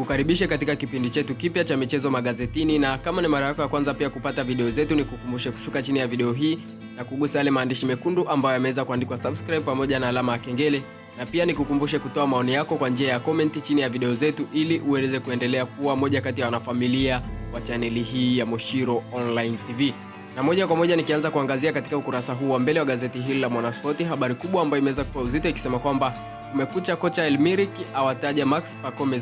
Nikukaribishe katika kipindi chetu kipya cha michezo magazetini, na kama ni mara yako ya kwanza pia kupata video zetu, nikukumbushe kushuka chini ya video hii na kugusa yale maandishi mekundu ambayo yameweza kuandikwa subscribe pamoja na alama ya kengele, na pia nikukumbushe kutoa maoni yako kwa njia ya komenti chini ya video zetu, ili uweze kuendelea kuwa moja kati ya wanafamilia wa chaneli hii ya Moshiro Online TV. Na moja kwa moja nikianza kuangazia katika ukurasa huu wa mbele wa gazeti hili la Mwanaspoti, habari kubwa ambayo imeweza kupa uzito ikisema kwamba umekucha, kocha Elmirik awataja Max Pacome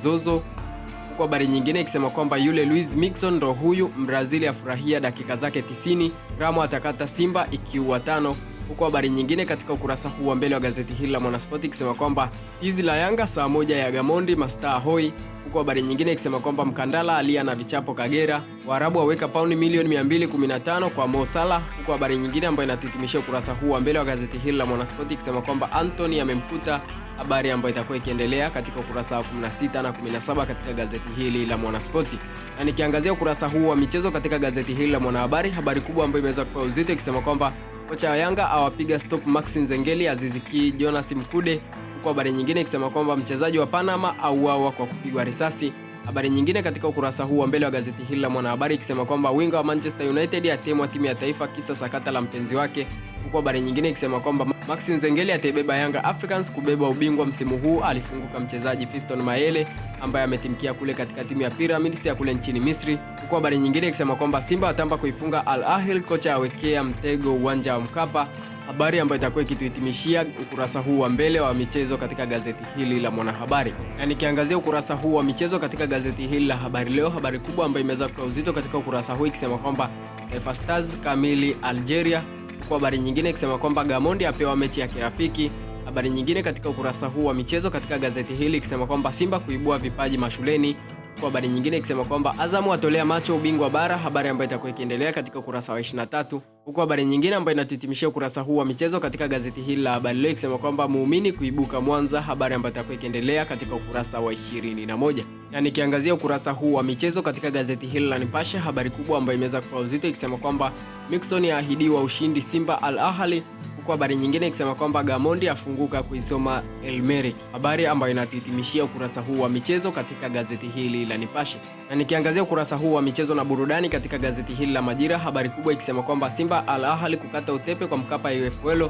huku habari nyingine ikisema kwamba yule Luis Mixon ndo huyu Mbrazili afurahia dakika zake 90, Ramo atakata Simba ikiua tano huku habari nyingine katika ukurasa huu wa mbele wa gazeti hili la Mwanaspoti ikisema kwamba hizi la Yanga saa moja ya Gamondi mastaa hoi huko habari nyingine ikisema kwamba Mkandala alia na vichapo Kagera, Waarabu waweka pauni milioni 215 kwa Mo Salah, huko habari nyingine ambayo inatuhitimishia ukurasa huu wa mbele wa gazeti hili la Mwanaspoti ikisema kwamba Anthony amemkuta, habari ambayo itakuwa ikiendelea katika ukurasa wa 16 na 17 katika gazeti hili la Mwanaspoti. Na nikiangazia ukurasa huu wa michezo katika gazeti hili la Mwanahabari, habari kubwa ambayo imeweza kupewa uzito ikisema kwamba kocha wa Yanga awapiga stop Maxi Nzengeli, Azizi Jonas Mkude huku habari nyingine ikisema kwamba mchezaji wa Panama auawa kwa kupigwa risasi. Habari nyingine katika ukurasa huu wa mbele wa gazeti hili la Mwanahabari ikisema kwamba winga wa Manchester United atemwa timu ya taifa kisa sakata la mpenzi wake, huku habari nyingine ikisema kwamba Maxi Nzengeli ataibeba Yanga Africans kubeba ubingwa msimu huu. Alifunguka mchezaji Fiston Mayele ambaye ametimkia kule katika timu ya Pyramids ya kule nchini Misri, huku habari nyingine ikisema kwamba Simba atamba kuifunga Al Ahly, kocha awekea mtego uwanja wa Mkapa habari ambayo itakuwa ikituhitimishia ukurasa huu wa mbele wa michezo katika gazeti hili la Mwanahabari. Na nikiangazia ukurasa huu wa michezo katika gazeti hili la Habari Leo, habari kubwa ambayo imeweza kutoa uzito katika ukurasa huu ikisema kwamba Taifa Stars kamili Algeria, huku habari nyingine ikisema kwamba Gamondi apewa mechi ya kirafiki. Habari nyingine katika ukurasa huu wa michezo katika gazeti hili ikisema kwamba Simba kuibua vipaji mashuleni kwa habari nyingine ikisema kwamba Azamu atolea macho ubingwa bara, habari ambayo itakuwa ikiendelea katika ukurasa wa 23. Huku habari nyingine ambayo inatitimishia ukurasa huu wa michezo katika gazeti hili la habari leo ikisema kwamba muumini kuibuka Mwanza, habari ambayo itakuwa ikiendelea katika ukurasa wa 21 na nikiangazia ukurasa huu wa michezo katika gazeti hili la Nipashe, habari kubwa ambayo imeweza kupewa uzito ikisema kwamba Miquissone yaahidiwa ushindi Simba Al Ahly, huku habari nyingine ikisema kwamba Gamondi afunguka kuisoma Elmerik, habari ambayo inatuhitimishia ukurasa huu wa michezo katika gazeti hili la Nipashe. Na nikiangazia ukurasa huu wa michezo na burudani katika gazeti hili la Majira, habari kubwa ikisema kwamba Simba Al Ahly kukata utepe kwa Mkapa UFL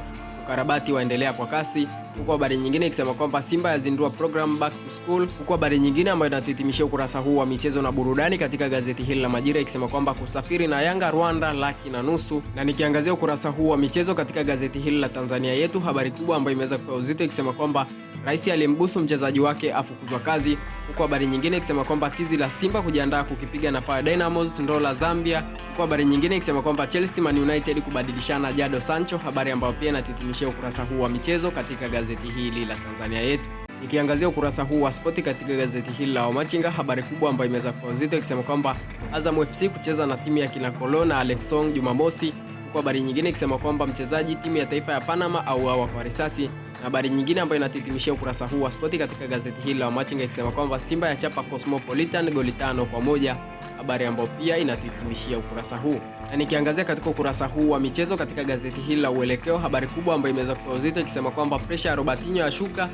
ukarabati waendelea kwa kasi, huku habari nyingine ikisema kwamba Simba yazindua program back to school, huku habari nyingine ambayo inatuhitimishia ukurasa huu wa michezo na burudani katika gazeti hili la Majira ikisema kwamba kusafiri na Yanga Rwanda laki na nusu. Na nikiangazia ukurasa huu wa michezo katika gazeti hili la Tanzania Yetu, habari kubwa ambayo imeweza kupewa uzito ikisema kwamba Rais alimbusu mchezaji wake afukuzwa kazi, huku habari nyingine ikisema kwamba tizi la Simba kujiandaa kukipiga na Power Dynamos ndoo la Zambia huku habari nyingine ikisema kwamba Chelsea Man United kubadilishana Jado Sancho, habari ambayo pia inatuhitimishia ukurasa huu wa michezo katika gazeti hili la Tanzania yetu. Nikiangazia ukurasa huu wa spoti katika gazeti hili la Wamachinga, habari kubwa ambayo imeweza kuwa uzito ikisema kwamba Azam FC kucheza na timu ya kina Kolo na Alex Song Jumamosi, huku habari nyingine ikisema kwamba mchezaji timu ya taifa ya Panama auawa kwa risasi, habari nyingine ambayo inatitimishia ukurasa huu wa spoti katika gazeti hili la Wamachinga ikisema kwamba Simba ya chapa Cosmopolitan goli tano kwa moja habari ambayo pia inatuhitimishia ukurasa huu. Na nikiangazia katika ukurasa huu wa michezo katika gazeti hili la Uelekeo, habari kubwa ambayo imeweza kupewa uzito ikisema kwamba presha ya Robertinho yashuka,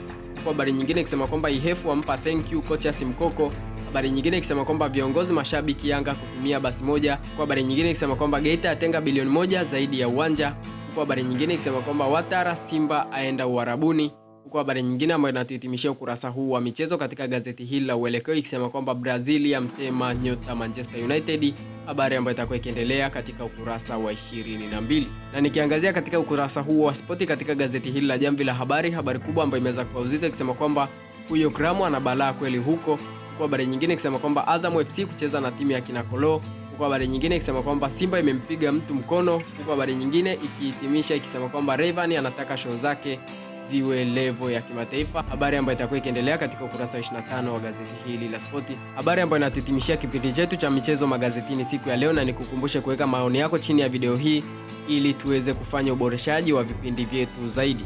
kwa habari nyingine ikisema kwamba Ihefu ampa thank you kocha Simkoko habari nyingine ikisema kwamba viongozi mashabiki Yanga kutumia basi moja, kwa habari nyingine ikisema kwamba Geita atenga bilioni moja zaidi ya uwanja, kwa habari nyingine ikisema kwamba Watara Simba aenda Uarabuni. Huko habari nyingine ambayo inatuhitimishia ukurasa huu wa michezo katika gazeti hili la Uelekeo ikisema kwamba Brazil mtema nyota Manchester United, habari ambayo itakuwa ikiendelea katika ukurasa wa 22. Na nikiangazia katika ukurasa huu wa spoti katika gazeti hili la Jamvi la Habari, habari kubwa ambayo imeweza kupewa uzito ikisema kwamba huyo Kramu ana balaa kweli huko kwa habari nyingine ikisema kwamba Azam FC kucheza na timu ya Kinakolo, huku habari nyingine ikisema kwamba Simba imempiga mtu mkono, huko habari nyingine ikihitimisha ikisema kwamba Rayvanny anataka show zake ziwe levo ya kimataifa, habari ambayo itakuwa ikiendelea katika ukurasa wa 25 wa gazeti hili la Spoti, habari ambayo inatuhitimishia kipindi chetu cha michezo magazetini siku ya leo, na nikukumbushe kuweka maoni yako chini ya video hii ili tuweze kufanya uboreshaji wa vipindi vyetu zaidi.